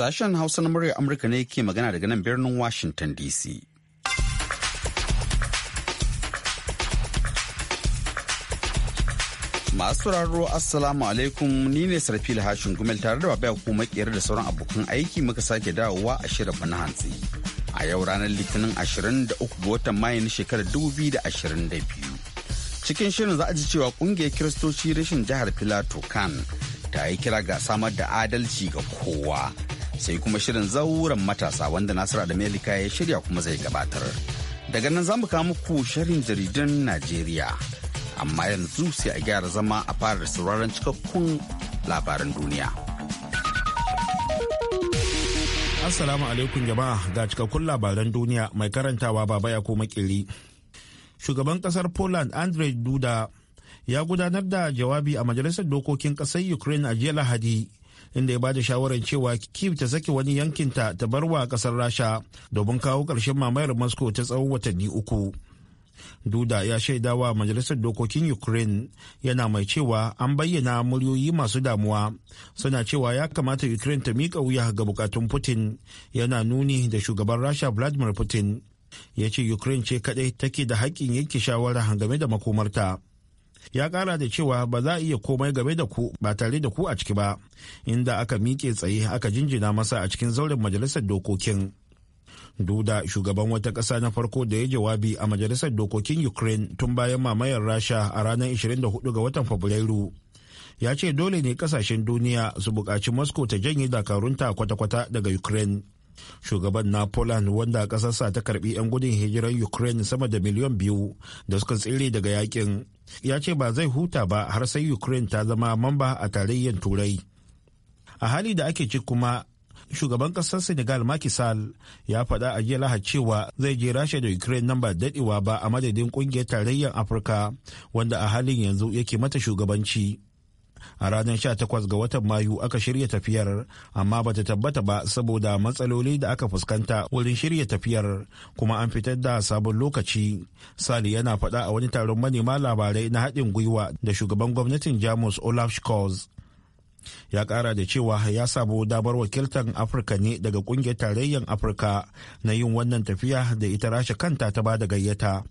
Sashen Hausa na muryar Amurka ne ke magana daga nan birnin Washington DC. Masu raro Assalamu alaikum ni ne Sarfil Hashin Gumel tare da babaya ko makiyar da sauran abokan aiki muka sake dawowa a shirin bana hantsi. A yau ranar Litinin 23 ga watan Mayu na shekarar 2022. Cikin shirin za a ji cewa kungiyar Kiristoci rashin jihar Filato Kan ta yi kira ga samar da adalci ga kowa sai kuma shirin zauren matasa wanda Nasiru Adamelika ya shirya kuma zai gabatar. Daga nan za mu kawo muku shirin jaridan Najeriya. Amma yanzu sai a gyara zama a fara sauraron cikakkun labaran duniya. Assalamu alaikum jama'a ga cikakkun labaran duniya mai karantawa baba ya koma kiri. Shugaban kasar Poland Andrzej Duda ya gudanar da jawabi a majalisar dokokin kasar Ukraine a jiya Lahadi. inda ya bada shawarar cewa kiev ta saki wani yankinta ta bar wa kasar rasha domin kawo ƙarshen mamayar moscow ta tsawon watanni uku duda ya shaidawa majalisar dokokin ukraine yana mai cewa an bayyana muryoyi masu damuwa suna cewa ya kamata ukraine ta miƙa wuya ga bukatun putin yana nuni da shugaban rasha vladimir putin ya ce ukraine ce kadai take da haƙƙin yanke shawara game da makomarta ya kara da cewa ba za a iya komai game da ku ba tare da ku a ciki ba inda aka miƙe tsaye aka jinjina masa a cikin zauren majalisar dokokin duda shugaban wata ƙasa na farko da ya jawabi a majalisar dokokin ukraine tun bayan mamayar rasha a ranar 24 ga watan fabrairu ya ce dole ne kasashen duniya su buƙaci moscow ta janye dakarunta kwata-kwata daga ukraine shugaban na poland wanda ƙasarsa ta karbi 'yan gudun hijiran ukraine sama da miliyan biyu da suka tsire daga yakin ya ce ba zai huta ba har sai ukraine ta zama mamba a tarayyar turai a hali da ake ci kuma shugaban kasar senegal makisal ya faɗa a jiya lahar cewa zai je rasha da ukraine nan ba daɗewa ba a madadin ƙungiyar tarayyar afirka wanda a halin yanzu yake mata shugabanci a ranar 18 ga watan mayu aka shirya tafiyar amma bata tabbata ba saboda matsaloli da aka fuskanta wurin shirya tafiyar kuma an fitar da sabon lokaci sali yana faɗa a wani taron manema labarai na haɗin gwiwa da shugaban gwamnatin jamus olaf scholz ya kara da cewa ya samu damar wakiltar afirka ne daga ƙungiyar tarayyar afirka na yin wannan tafiya da ita rasha kanta ta ba da gayyata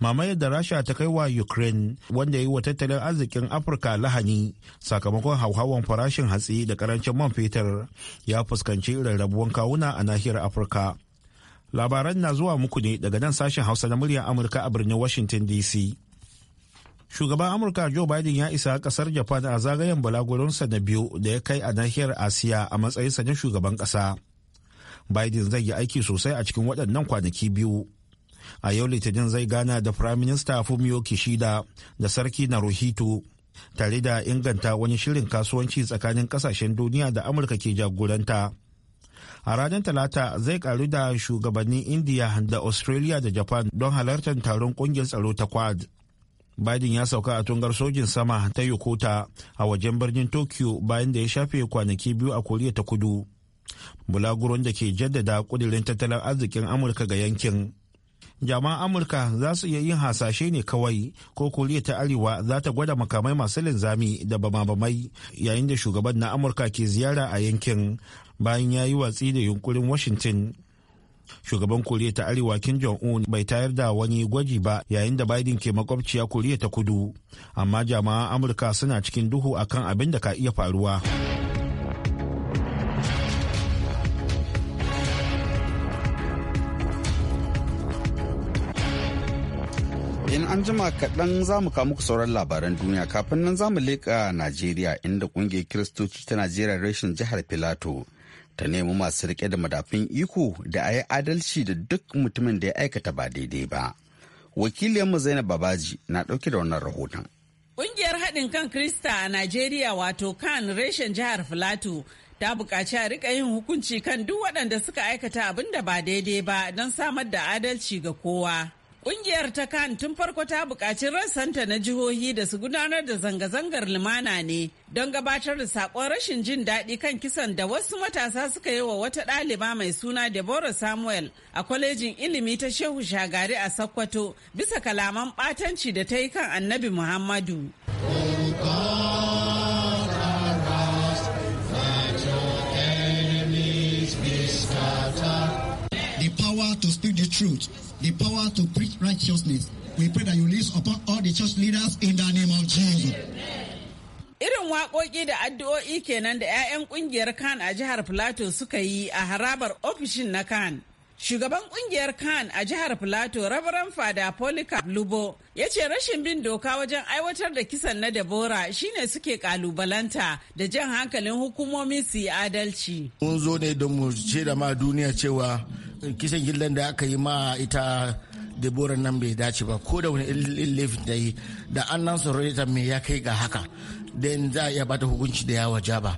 mamayar da rasha ta kai wa ukraine wanda yi wa tattalin arzikin afirka lahani sakamakon hauhawan farashin hatsi da karancin man fetur ya fuskanci rarrabuwan kawuna a nahiyar afirka labaran na zuwa muku ne daga nan sashen hausa na muryar amurka a birnin washington dc shugaban amurka joe biden ya isa kasar japan a zagayen balagurinsa na biyu da ya kai a nahiyar asiya a matsayinsa na shugaban kasa biden zai yi aiki sosai a cikin waɗannan kwanaki biyu a yau litinin zai gana da prime minister fumio kishida da sarki naruhito tare da inganta wani shirin kasuwanci tsakanin kasashen duniya da amurka ke jagoranta a ranar talata zai karu da shugabannin india da australia da japan don halartar taron kungiyar tsaro ta quad biden ya sauka a tungar sojin sama ta yokota a wajen birnin tokyo bayan da ya shafe kwanaki biyu a koriya ta kudu bulaguron da ke jaddada kudirin tattalin arzikin amurka ga yankin jama'an amurka za su iya yin hasashe ne kawai ko koriya ta arewa za ta gwada makamai masu linzami da bama-bamai yayin da shugaban na amurka ke ziyara a yankin bayan ya yi watsi da yunkurin washington shugaban koriya ta arewa kim jong-un bai tayar da wani gwaji ba yayin da biden ke makwabciya koriya ta kudu amma jama'an amurka suna cikin duhu akan abin da ka iya faruwa. an jima kaɗan za mu kawo muku sauran labaran duniya kafin nan za mu leƙa Najeriya inda ƙungiyar Kiristoci ta Najeriya rashin jihar Filato ta nemi masu riƙe da madafin iko da a yi adalci da duk mutumin da ya aikata ba daidai ba. mu Zainab Babaji na ɗauke da wannan rahoton. Ƙungiyar haɗin kan Krista a Najeriya wato kan reshen jihar Filato ta buƙaci a riƙa yin hukunci kan duk waɗanda suka aikata abin da ba daidai ba don samar da adalci ga kowa. Kungiyar ta kan tun farko ta buƙaci rassanta na jihohi da su gudanar da zanga-zangar lumana ne don gabatar da saƙon rashin jin daɗi kan kisan da wasu matasa suka yi wa wata ɗaliba mai suna Deborah Samuel a kwalejin ilimi ta Shehu Shagari a Sokoto bisa kalaman ɓatanci da ta yi kan annabi Muhammadu. The power to speak the truth the power to preach righteousness. We pray that you release upon all the church leaders in the name of Jesus. Irin waƙoƙi da addu'o'i kenan da 'ya'yan ƙungiyar Khan a jihar Filato suka yi a harabar ofishin na Khan. Shugaban ƙungiyar Khan a jihar Filato, Rabaran Fada Polika Lubo, ya ce rashin bin doka wajen aiwatar da kisan na Debora shine suke kalubalanta da jan hankalin hukumomi su yi adalci. Mun zo ne don mu ce da ma duniya cewa kisan gillan da aka yi ma ita deborah nan bai dace ba ko da wani laifin da yi da annan sororita mai ya kai ga haka dan za a iya bata hukunci da yawa jaba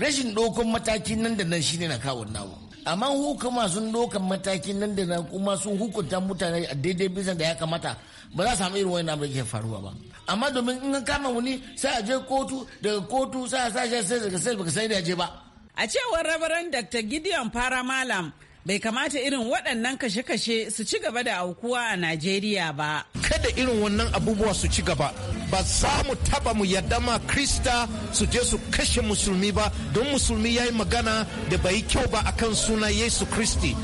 rashin dokon matakin nan da nan shine na kawo nawa amma hukuma sun dokan matakin nan da nan kuma sun hukunta mutane a daidai bisan da ya kamata ba za samu irin wani ke faruwa ba amma domin in kama wani sai a je kotu daga kotu sai a sashe sai daga sai baka sai da je ba a cewar rabaran dr gideon fara malam bai kamata irin waɗannan kashe-kashe su ci gaba da aukuwa a Najeriya ba. Kada irin wannan abubuwa su ci gaba, ba za mu taba mu yadda ma Krista su je su kashe musulmi ba, don musulmi ya yi magana da bai kyau ba akan suna Yesu Kristi,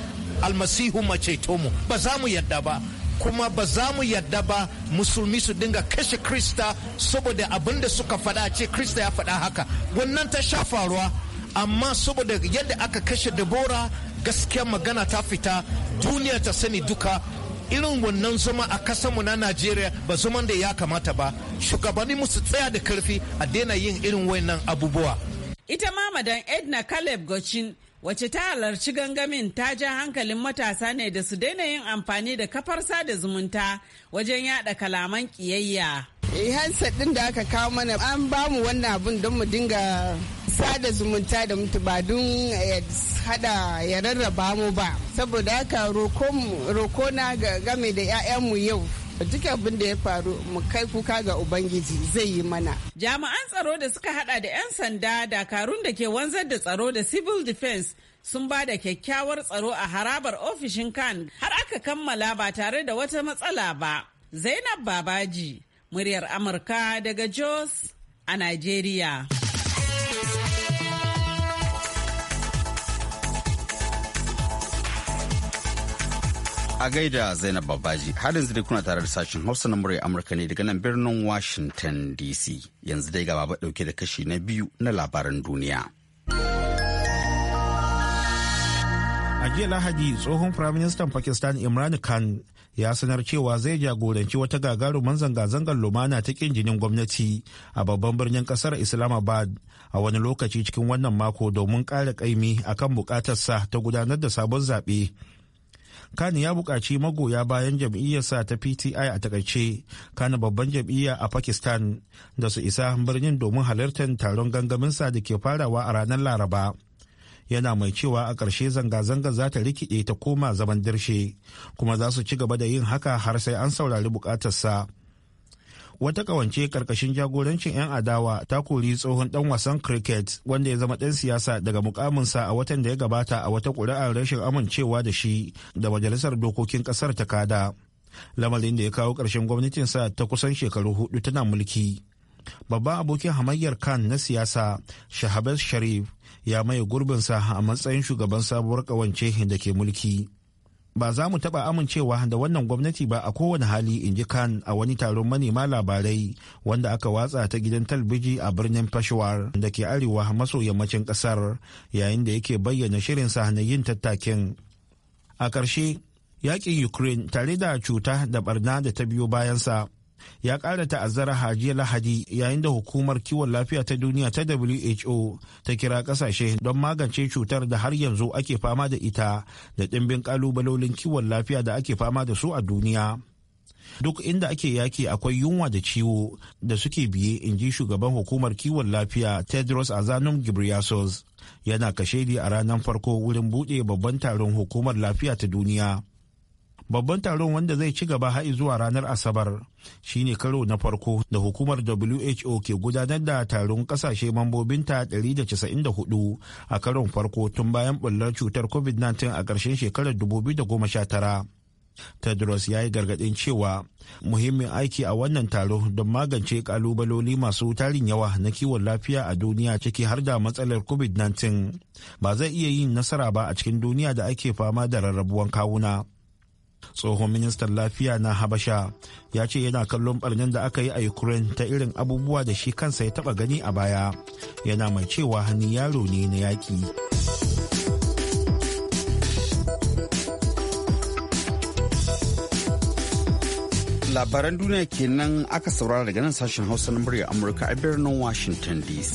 almasihu Mace mu, ba za mu yadda ba. kuma ba za mu yadda ba musulmi su dinga kashe krista saboda abin da suka faɗa ce krista ya faɗa haka wannan ta sha faruwa amma saboda yadda aka kashe dabora gaskiya magana ta fita duniya ta sani duka irin wannan zama a kasanmu na najeriya ba zaman da ya kamata ba shugabanni musu tsaya da karfi a daina yin irin wannan abubuwa ita ma madan edna caleb gocin wacce ta halarci gangamin ta ja hankalin matasa ne da su daina yin amfani da kafar sada zumunta wajen yada kalaman kiyayya. Eh, hansa din da aka kawo mana an bamu wannan abun don mu dinga sada zumunta da mutu ba don eh, hada ya rarraba mu ba saboda haka roko na game da mu yau duk abin da ya faru mu kai kuka ga ubangiji zai yi mana jami'an tsaro da suka hada da 'yan sanda dakarun da ke wanzar da tsaro da civil defense sun ba da kyakkyawar tsaro a harabar ofishin kan har aka kammala ba tare da wata matsala ba zainab babaji muryar amurka daga jos a nigeria A gaida Zainab Babaji, har yanzu kuna tare da sashen Hausa na murya Amurka ne daga nan birnin Washington DC. Yanzu dai gaba dauke da kashi na biyu na labaran duniya. A jiya Lahadi tsohon Firaministan Pakistan Imran Khan ya sanar cewa zai jagoranci wata gagarumin zanga-zangar lumana ta kin jinin gwamnati a babban birnin kasar Islamabad a wani lokaci cikin wannan mako domin ƙara ƙaimi akan bukatarsa ta gudanar da sabon zaɓe. kani ya buƙaci magoya bayan jam'iyyarsa ta pti a takaice kani babban jam'iyya a pakistan da su isa birnin domin halartar taron gangamin sa da ke farawa a ranar laraba yana mai cewa a ƙarshe zanga-zanga za ta rikide ta koma zaman dirshe kuma za su ci gaba da yin haka har sai an saurari bukatarsa wata kawance karkashin jagorancin 'yan adawa ta kori tsohon dan wasan cricket wanda ya zama dan siyasa daga mukaminsa a watan da ya gabata a wata ƙuri'ar rashin amincewa da shi da majalisar dokokin ƙasar ta kada lamarin da ya kawo ƙarshen gwamnatinsa ta kusan shekaru hudu tana mulki babban abokin hamayyar khan na siyasa shahabaz sharif ya maye gurbinsa a matsayin shugaban sabuwar kawance da ke mulki ba za mu taɓa amincewa da wannan gwamnati ba a kowane hali in ji kan a wani taron manema labarai wanda aka watsa ta gidan talbiji a birnin peshawar da ke arewa maso yammacin ƙasar yayin da yake bayyana shirinsa na yin tattakin a ƙarshe yaƙin ukraine tare da cuta da barna da ta biyo bayansa ya ƙara ta'azzara hajiya lahadi yayin da hukumar kiwon lafiya ta duniya ta who ta kira ƙasashe don magance cutar da har yanzu ake fama da ita da ɗimbin ƙalubalolin kiwon lafiya da ake fama da su a duniya duk inda ake yaki akwai yunwa da ciwo da suke biye in ji shugaban hukumar kiwon lafiya tedros azanum Ghebreyesus, yana kashedi a ranar farko wurin buɗe babban taron hukumar lafiya ta duniya babban taron wanda zai ci gaba har zuwa ranar asabar shine karo na farko da hukumar who ke gudanar da taron kasashe mambobinta 194 a karon farko tun bayan bullar cutar covid-19 a ƙarshen shekarar 2019 tedros ya yi gargaɗin cewa muhimmin aiki a wannan taro don magance ƙalubaloli masu tarin yawa na kiwon lafiya a duniya ciki har da matsalar covid-19 ba zai iya yin nasara ba a cikin duniya da ake fama da rarrabuwan kawuna. tsohon ministan lafiya na habasha ya ce yana kallon barnin da aka yi a ukraine ta irin abubuwa da shi kansa ya taba gani a baya yana mai cewa hannu yaro ne na yaki labaran duniya kenan aka saurara daga nan sashen hausa na murya amurka a birnin washington dc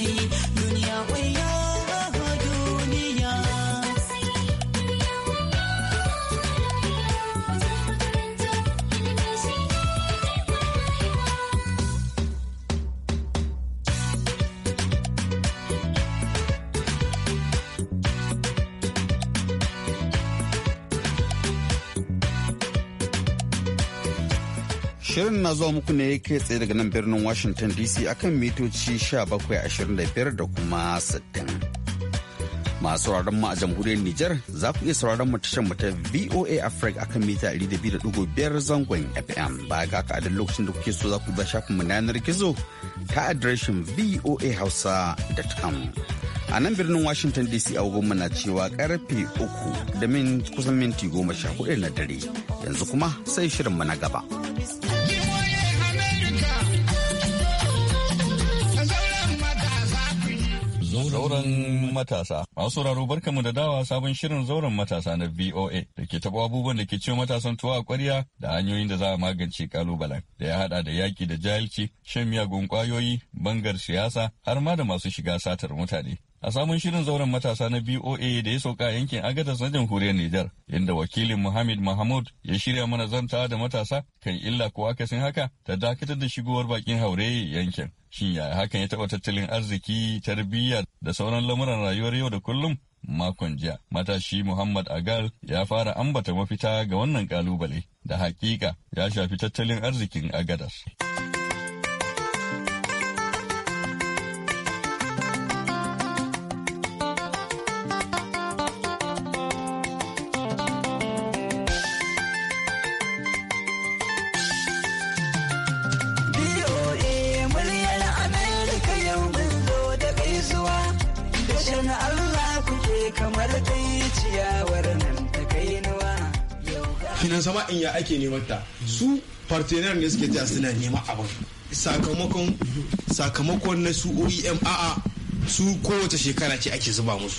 You. Shirin na zuwa muku ne ke tsaye daga nan birnin Washington DC akan mitoci 1725 da kuma 60. Masu sauraron mu a jamhuriyar Nijar za ku iya sauraron mu tashar mu ta VOA Africa akan mita 200.5 zangon FM. Baya ga aka a lokacin da kuke so za ku ba shafin mu yanar gizo ta adireshin voahausa.com. A nan birnin Washington DC a na cewa karfe uku da min kusan minti goma sha hudu na dare. Yanzu kuma sai shirin mu na gaba. Zauren matasa. Masu sauraro mu da dawa sabon shirin zauren matasa na VOA da ke taɓa abubuwan da ke ciwo matasan tuwa a ƙwarya da hanyoyin da za a magance kalubalen da ya haɗa da yaƙi da jahilci, shan miyagun ƙwayoyi, bangar siyasa har ma da masu shiga satar mutane. a samun shirin zauren matasa na BOA da ya sauka yankin Agadas na jamhuriyar Nijar, inda wakilin Muhammad Mahmud ya shirya mana zanta da matasa kan illa ko akasin haka ta dakatar da shigowar bakin haure yankin. Shin yaya hakan ya taɓa tattalin arziki, tarbiyya da sauran lamuran rayuwar yau da kullum? Makon jiya, matashi Muhammad Agal ya fara ambata mafita ga wannan kalubale da hakika ya shafi tattalin arzikin Agadas. kenan sama in ya ake neman ta su partenaire ne suke ta suna neman abin sakamakon sakamakon na su oem a'a su kowace shekara ce ake zuba musu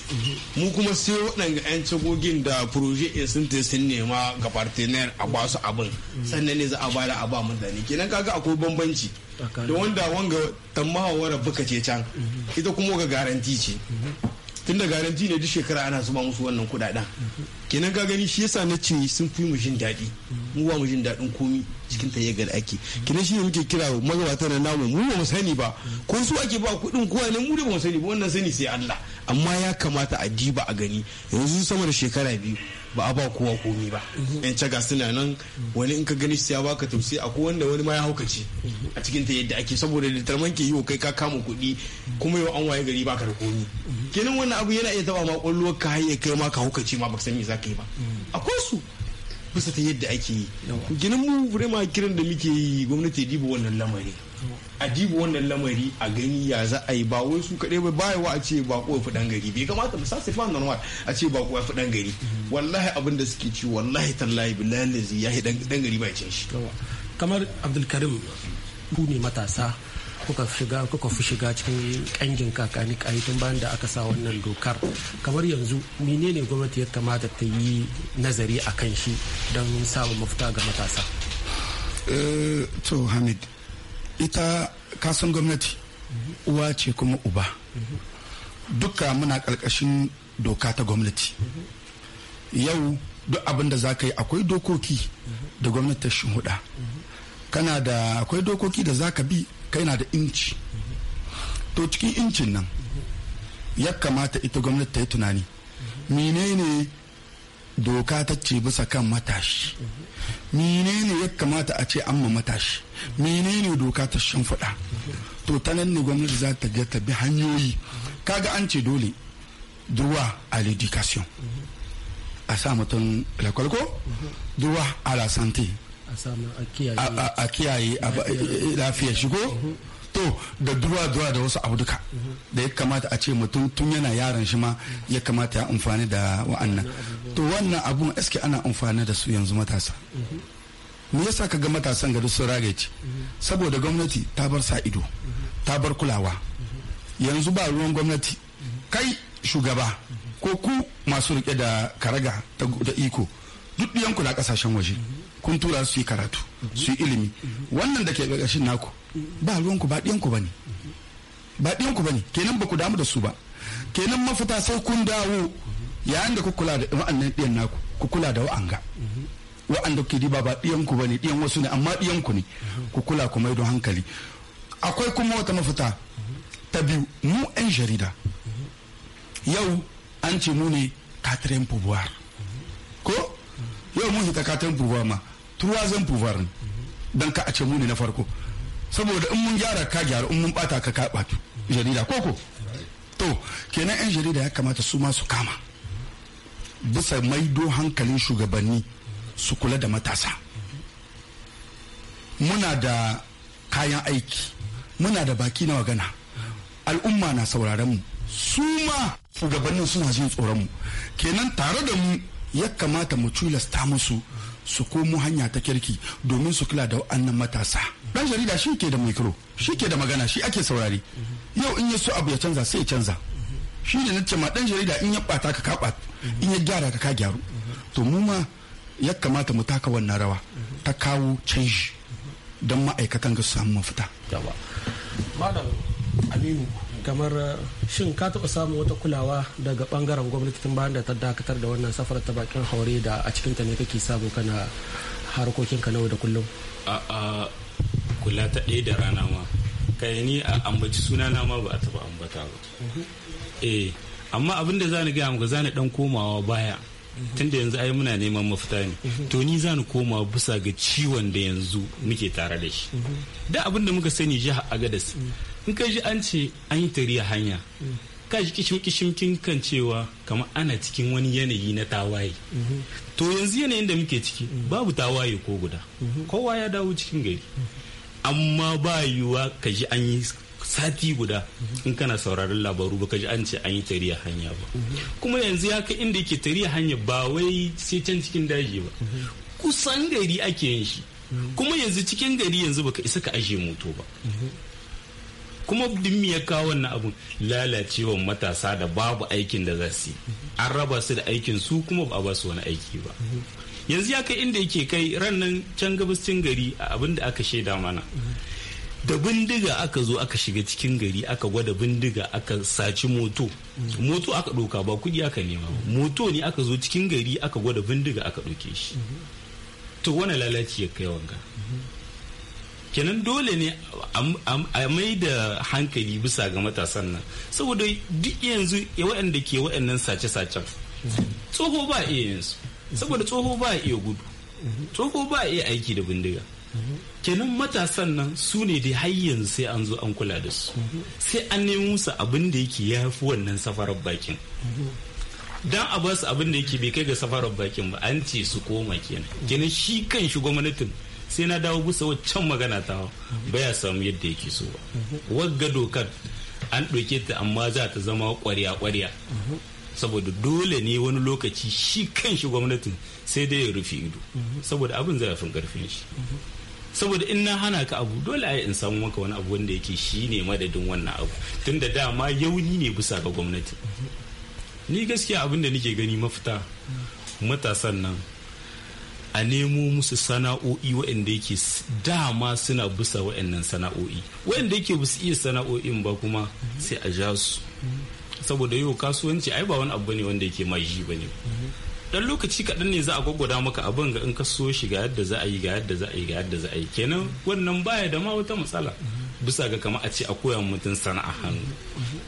mu kuma sai waɗanga 'yan cagogin da proje in sun te sun nema ga partenaire a ba su abin sannan ne za a bada a ba mutane kenan kaga akwai bambanci da wanda wanga tammawa wara buka ce can ita kuma ga garanti ce tunda garanti ne duk shekara ana zuba musu wannan kudaden kenan ka gani shi yasa na ce sun fi mu jin daɗi mu ba mu jin daɗin komi cikin ta yagar ake kenan shi ne muke kira magabata na namu mu ba mu sani ba ko su ake ba kuɗin kowa ne mu da ba mu sani ba wannan sani sai Allah amma ya kamata a diba a gani yanzu sama da shekara biyu ba a ba kowa komi ba mhm. yan caga suna nan wani in ka gani su ya baka tausi ko wanda wani ma ya ce mhm. a cikin ta yadda ake saboda tarman ke yi wa kai ka kama kuɗi kuma yau an waye gari baka da komi mhm. kenan wannan abu yana iya taba ma kwallo ka haye kai ma ka ce ma baka san me za ka yi ba akwai su bisa ta yadda ake yi ginin mu ma kiran da muke yi gwamnati diba wannan lamari ajibu wannan lamari a gani ya za a yi ba wai su kaɗai ba wa a ce ba ya fiɗan gari bai kamata mu sasa fa normal a ce ba ya fiɗan gari wallahi abin da suke ci wallahi tallahi billahi lazi ya yi dan gari bai cin shi kamar abdulkarim ku ne matasa kuka shiga kuka fi shiga cikin kangin kakani tun bayan da aka sa wannan dokar kamar yanzu menene gwamnati ya kamata ta yi nazari a kan shi don samun mafita ga matasa eh, to hamid ita kasan gwamnati uwa ce kuma uba duka muna ƙarƙashin doka ta gwamnati yau duk abin da za ka yi akwai dokoki da gwamnati ta huda kana da akwai dokoki da za ka bi kai na da inci to cikin incin nan ya kamata ita gwamnati ta yi tunani menene doka ta ce bisa kan matashi menene ya kamata a ce amma matashi menene doka ta shimfiɗa to ta nan ne gwamnati za ta ga ta bi hanyoyi kaga an ce dole duwa a l'education a sa mutum lakwalko duwa a la santé a kiyaye eh, eh, lafiya shigo to da duwa duwa da wasu abu duka da ya kamata a ce mutum tun yana yaran shi ma ya kamata ya amfani da wa'annan to wannan abun eske ana amfani da su yanzu matasa me yasa ka ga matasan gari sun ce. saboda gwamnati ta bar sa ido ta bar kulawa yanzu ba ruwan gwamnati kai shugaba ko ku masu rike da karaga da iko duk ɗiyanku na kasashen waje kun tura su yi karatu su yi ilimi wannan da ke ƙarƙashin naku ba ruwanku ba ɗiyanku ba ne ba ɗiyanku ba ne kenan ba ku damu da su ba kenan mafita sai kun dawo yayin da ku kula da wa'annan ɗiyan naku ku kula da wa'anga wa'anda ke diba ba ɗiyanku ba ne ɗiyan wasu ne amma ɗiyanku ne ku kula ku maido hankali akwai kuma wata mafita ta biyu mu 'yan jarida yau an ce mu ne katrin pouvoir ko yau mun hita katrin pouvoir ma trois zan pouvoir ne don ka a ce mu ne na farko saboda in mun gyara ka gyara in mun bata ka ka jarida koko to kenan yan jarida ya kamata su ma su kama bisa maido hankalin shugabanni su kula da matasa muna da kayan aiki muna da baki na magana al'umma na sauraron mu su ma shugabannin suna jin tsoron mu kenan tare da mu ya kamata mu tilasta musu su komo hanya ta kirki domin su kula da wa'annan matasa dan jarida shi ke da micro shi ke da magana shi ake saurari yau in ya so abu ya canza sai ya canza shi ne ce ma dan jarida in ya bata ka ka in ya gyara ka ka gyaru to mu ma ya kamata mu taka wannan rawa ta kawo canji don ma'aikatan ga su samu mafita. Malam Aminu kamar eh, shin ka taɓa samun wata kulawa daga ɓangaren gwamnati tun bayan da ta dakatar da wannan safarar ta bakin haure da a cikinta ne kake samu kana ka na da kullum a kula ta ɗaya da rana ma kai ni a ambaci suna na ma ba a taɓa ambata ba mhm. eh amma abin da zani gaya muka zani dan komawa baya mhm. tunda yanzu ai muna neman mafita ne mhm. to ni zani koma bisa ga ciwon da yanzu muke tare da shi da abin da muka sani jiha agadas in ka ji an ce an yi tari a hanya ka ji kishim kin kan cewa kamar ana cikin wani yanayi na tawaye to yanzu yanayin da muke ciki babu tawaye ko guda kowa ya dawo cikin gari amma ba yiwuwa ka ji an yi sati guda in kana sauraron labaru baka ji an ce an yi tari a hanya ba kuma yanzu ya kai inda yake tari a hanya ba wai sai can cikin daji ba kusan gari ake yin shi kuma yanzu cikin gari yanzu baka isa ka ajiye moto ba kuma dimmi ya kawo wannan abun lalacewan matasa da babu aikin da za su an raba su da aikin su kuma ba a ba su wani aiki ba yanzu ya kai inda yake kai rannan can cin gari a abin da aka shaida mana da bindiga aka zo aka shiga cikin gari aka gwada bindiga aka saci moto moto aka doka ba kuɗi aka nema moto ne aka zo cikin gari aka gwada bindiga aka ɗauke shi to wani lalaci ya kai wanga kenan dole ne a mai da hankali bisa ga matasan nan saboda duk yanzu waɗanda ke waɗannan sace-sacen tsoho ba iya yanzu saboda tsoho ba iya gudu tsoho ba iya aiki da bindiga kenan matasan nan su ne dai har yanzu sai an zo an kula da su sai an nemi musu abin da yake ya fi wannan safarar bakin dan a basu abin da yake bai kai ga safarar bakin ba an ce su koma kenan kenan shi kan shi gwamnatin sai na dawo bisa waccan magana ta ya samu yadda yake so ba wagga dokar an ɗauke ta amma za ta zama ƙwarya ƙwarya saboda dole ne wani lokaci shi kan shi gwamnatin sai dai ya rufe ido saboda abin zai fi karfin shi saboda in na hana ka abu dole a in samu maka wani abu wanda yake shi ne madadin wannan abu tunda dama yauni ne bisa ga gwamnati ni gaskiya abin da nake gani mafita matasan nan a nemo musu sana'o'i waɗanda yake dama suna bisa waɗannan sana'o'i waɗanda yake ba su iya sana'o'in ba kuma sai a ja su saboda yau kasuwanci ai ba wani abu ne wanda yake maji ba ne dan lokaci kaɗan ne za a gwaggwada maka abin ga in ka so shi ga yadda za a yi ga yadda za a yi ga yadda za a yi kenan wannan baya da ma wata matsala bisa ga kama a ce a koya mutum sana'a hannu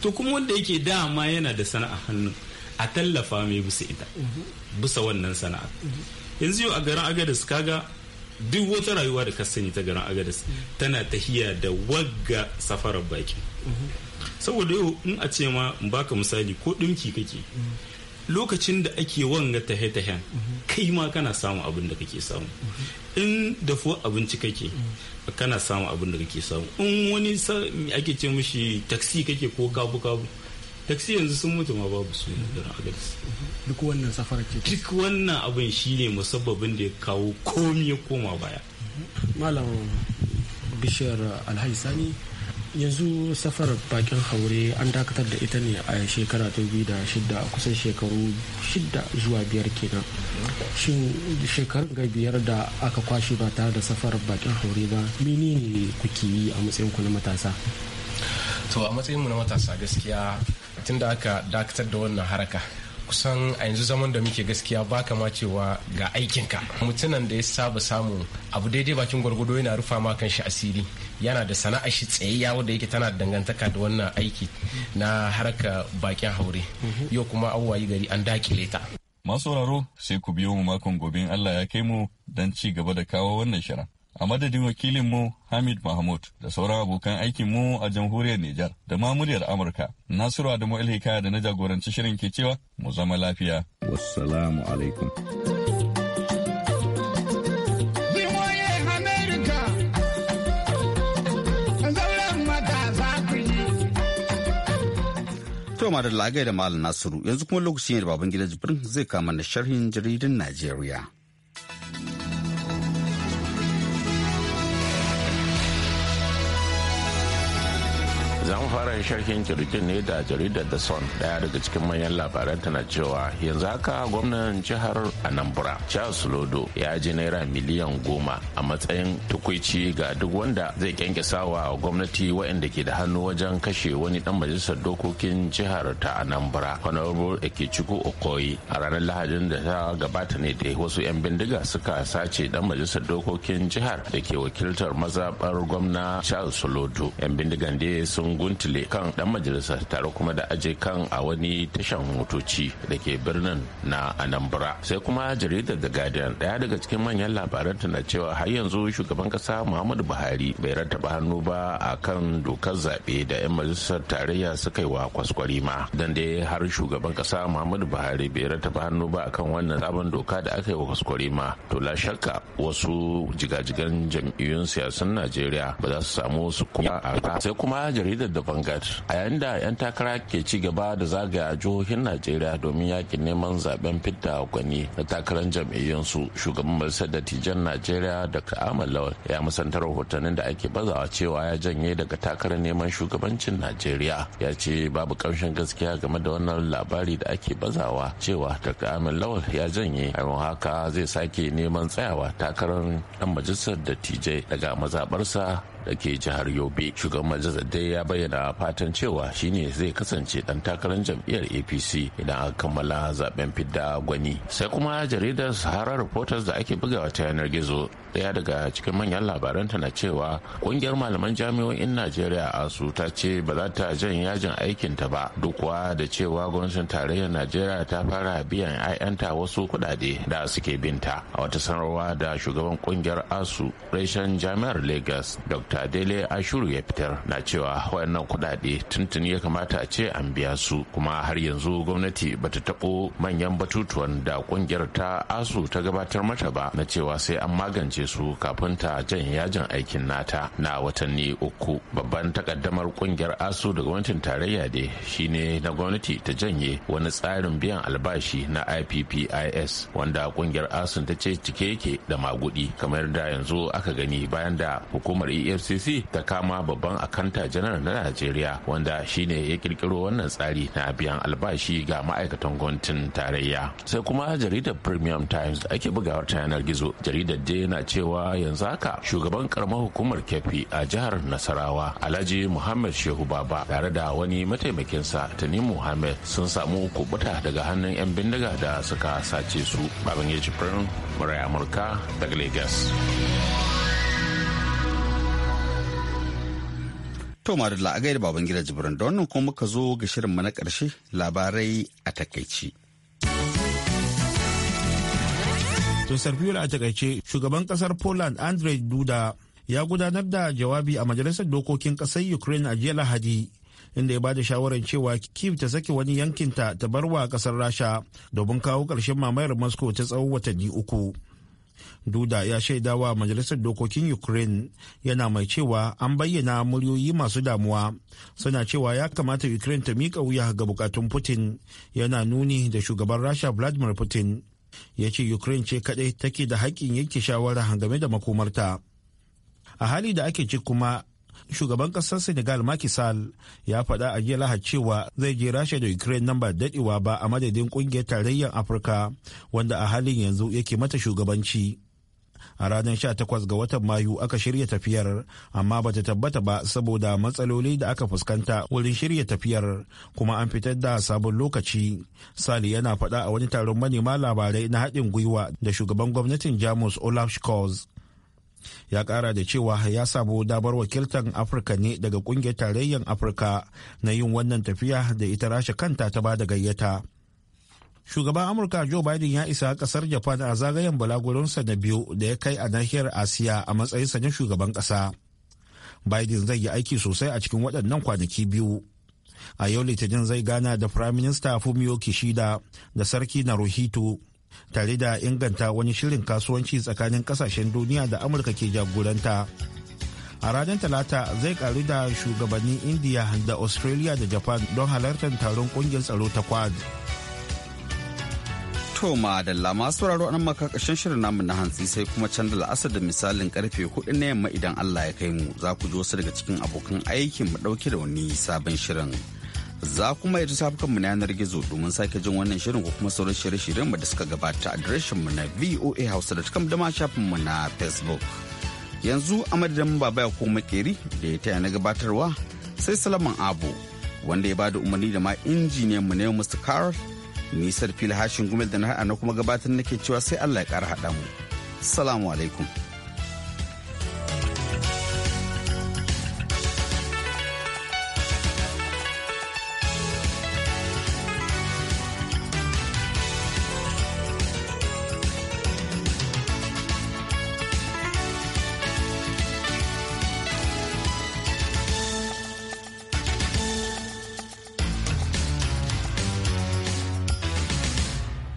to kuma wanda yake dama yana da sana'a hannu a tallafa mai bisa ita bisa wannan sana'a yanzu yau a garin agadas kaga duk wata rayuwa da ka sani ta garin agadas tana tahiya da wagga safarar baki saboda yau in a ce ma in baka misali ko ɗinki kake lokacin da ake wanga tahe-tahen kai ma kana samun abin da kake samu in dafo abinci kake kana samun abin da kake samu in wani ake ce mishi taksi kake ko kabu-kabu taxi yanzu sun mutu ma babu su a agadis duk wannan safarar ce duk wannan abin ne musabbabin da ya kawo komi ya koma baya malam bishiyar alhaji sani yanzu safarar bakin haure an dakatar da ita ne a shekara ta biyu da shida kusan shekaru shida zuwa biyar kenan shin shekarun ga biyar da aka kwashe ba tare da safarar bakin haure ba mini menene kuke yi a matsayin ku na matasa to a matsayin mu na matasa gaskiya tun da aka dakatar da wannan haraka kusan a yanzu zaman da muke gaskiya ba kama cewa ga aikinka mutumin da ya saba samu abu daidai bakin gwargwado yana rufa ma shi asiri yana da sana'a shi tsayayya wadda yake tana dangantaka da wannan aiki na haraka bakin haure yau kuma awayi gari an dakile ta masu sauraro sai ku biyo mu makon gobe Allah ya kai mu don ci gaba da kawo wannan shirin a madadin wakilinmu Hamid Mahmud da sauran abokan aikinmu a jamhuriyar Nijar da ma Amurka. Nasiru Adamu Alhikaya da na jagoranci shirin ke cewa mu zama lafiya. Wassalamu alaikum. To da lagai da Malam Nasiru yanzu kuma lokaci ne da baban gida jibrin zai kama na sharhin jaridun Najeriya. za mu fara sharhin jaridar ne da jaridar da son daya daga cikin manyan labaran na cewa yanzu haka gwamnan jihar anambra charles lodo ya ji naira miliyan goma a matsayin tukuici ga duk wanda zai kyankyasa wa gwamnati waɗanda ke da hannu wajen kashe wani dan majalisar dokokin jihar ta anambra honorable ekechukwu okoyi a ranar lahadin da ta gabata ne da wasu 'yan bindiga suka sace dan majalisar dokokin jihar da ke wakiltar mazabar gwamna charles lodo 'yan bindigan dai sun guntule kan dan majalisa tare kuma da aje kan a wani tashan motoci da ke birnin na anambra sai kuma jaridar the guardian daya daga cikin manyan labaran na cewa har yanzu shugaban kasa muhammadu buhari bai rattaba hannu ba a kan dokar zaɓe da 'yan majalisar tarayya suka yi wa kwaskwari ma dan dai har shugaban kasa muhammadu buhari bai rattaba hannu ba akan wannan sabon doka da aka yi wa kwaskwari ma to la shakka wasu jigajigan jam'iyyun siyasan najeriya ba za su samu su kuma a sai kuma jaridar da bangar a yayin da 'yan takara ke ci gaba da zagaya a jihohin najeriya domin yakin neman zaben fidda gwani na takarar jam'iyyunsu shugaban majalisar dattijan najeriya da ahmad lawal ya musanta rahotannin da ake bazawa cewa ya janye daga takarar neman shugabancin najeriya ya ce babu ƙamshin gaskiya game da wannan labari da ake bazawa cewa dr ahmad lawal ya janye a haka zai sake neman tsayawa takarar dan majalisar dattijai daga mazabarsa. da ke jihar yobe shugaban majalisar dai ya bayyana fatan cewa shine zai kasance dan takarar jam'iyyar apc idan aka kammala zaben fidda gwani sai kuma jaridar sahara reporters da ake bugawa ta yanar gizo daya daga cikin manyan labaran ta na cewa kungiyar malaman jami'o'in najeriya asu ta ce ba za ta jan yajin aikin ta ba duk wa da cewa gwamnatin tarayyar najeriya ta fara biyan 'ya'yanta wasu kuɗaɗe da suke binta a wata sanarwa da shugaban kungiyar asu reshen jami'ar lagos dr dr dele ashuru ya fitar na cewa waɗannan kuɗaɗe tuntuni ya kamata a ce an biya su kuma har yanzu gwamnati bata taɓo manyan batutuwan da ƙungiyar ta asu ta gabatar mata ba na cewa sai an magance su kafin ta jan yajin aikin nata na watanni uku babban takaddamar ƙungiyar asu da gwamnatin tarayya ne shine na gwamnati ta janye wani tsarin biyan albashi na ippis wanda ƙungiyar asu ta ce cike yake da magudi kamar da yanzu aka gani bayan da hukumar efcc fcc ta kama babban akanta janar na najeriya wanda shine ya kirkiro wannan tsari na biyan albashi ga ma'aikatan gwamnatin tarayya sai kuma jaridar premium times da ake bugawar ta yanar gizo jaridar dai na cewa yanzu haka shugaban karamar hukumar kefi a jihar nasarawa alhaji muhammad shehu baba tare da wani mataimakinsa tani muhammad sun samu kubuta daga hannun 'yan bindiga da suka sace su babin ya jifirin murai amurka daga lagos To Madalla a gaida baban gida Jibrin da wannan kuma muka zo ga shirinmu na karshe labarai a takaici. To Sarfiyula a takaice shugaban kasar Poland Andrzej Duda ya gudanar da jawabi a majalisar dokokin ƙasar Ukraine a jiya Lahadi inda ya ba da shawarar cewa Kiev ta sake wani yankinta ta barwa kasar Rasha domin kawo ƙarshen mamayar Moscow ta tsawon watanni uku. duda ya shaida wa majalisar dokokin ukraine yana mai cewa an bayyana muryoyi masu damuwa suna cewa ya kamata ukraine ta miƙa wuya ga bukatun putin yana nuni da shugaban rasha vladimir putin ya ce ukraine ce kadai take da haƙƙin yanke shawara game da makomarta a hali da ake ci kuma shugaban kasar senegal maki sal ya faɗa a jiya lahar cewa zai je rasha da ukraine nan ba daɗewa ba a madadin ƙungiyar tarayyar afirka wanda a halin yanzu yake mata shugabanci a ranar 18 ga watan mayu aka shirya tafiyar amma ba ta tabbata ba saboda matsaloli da aka fuskanta wurin shirya tafiyar kuma an fitar da sabon lokaci sali yana faɗa a wani taron manema labarai na haɗin gwiwa da shugaban gwamnatin jamus olaf scholz ya kara da cewa ya samu damar wakiltar afirka ne daga kungiyar tarayyar afirka na yin wannan tafiya da ita rasha kanta ta ba da gayyata shugaban amurka joe biden ya isa kasar japan a zagayen balagurinsa na biyu da ya kai a nahiyar asiya a matsayinsa na shugaban kasa biden zai yi aiki sosai a cikin waɗannan kwanaki biyu a yau litinin zai gana da Firaminista minister fumio kishida da sarki naruhito tare da inganta wani shirin kasuwanci tsakanin kasashen duniya da amurka ke jagoranta a ranar talata zai karu da shugabannin india da australia da japan don halartar taron kungiyar tsaro ta quad to madalla masu sauraro an maka shirin namu na hantsi sai kuma canza da da misalin karfe hudu na yamma idan allah ya kai mu za ku ji wasu daga cikin abokan aikin mu ɗauke da wani sabon shirin. za kuma yi shafukanmu na yanar gizo domin sake jin wannan shirin ko kuma sauran shirye-shiryen mu da suka gabata mu na hausa da da ma shafinmu na facebook yanzu a madadin baba ko makeri da ya taya na gabatarwa sai salaman abu wanda ya bada umarni da ma injiniyan mu na yau mr carl nisar fil hashin gumel da na kuma gabatar nake cewa sai allah ya kara haɗa mu salamu alaikum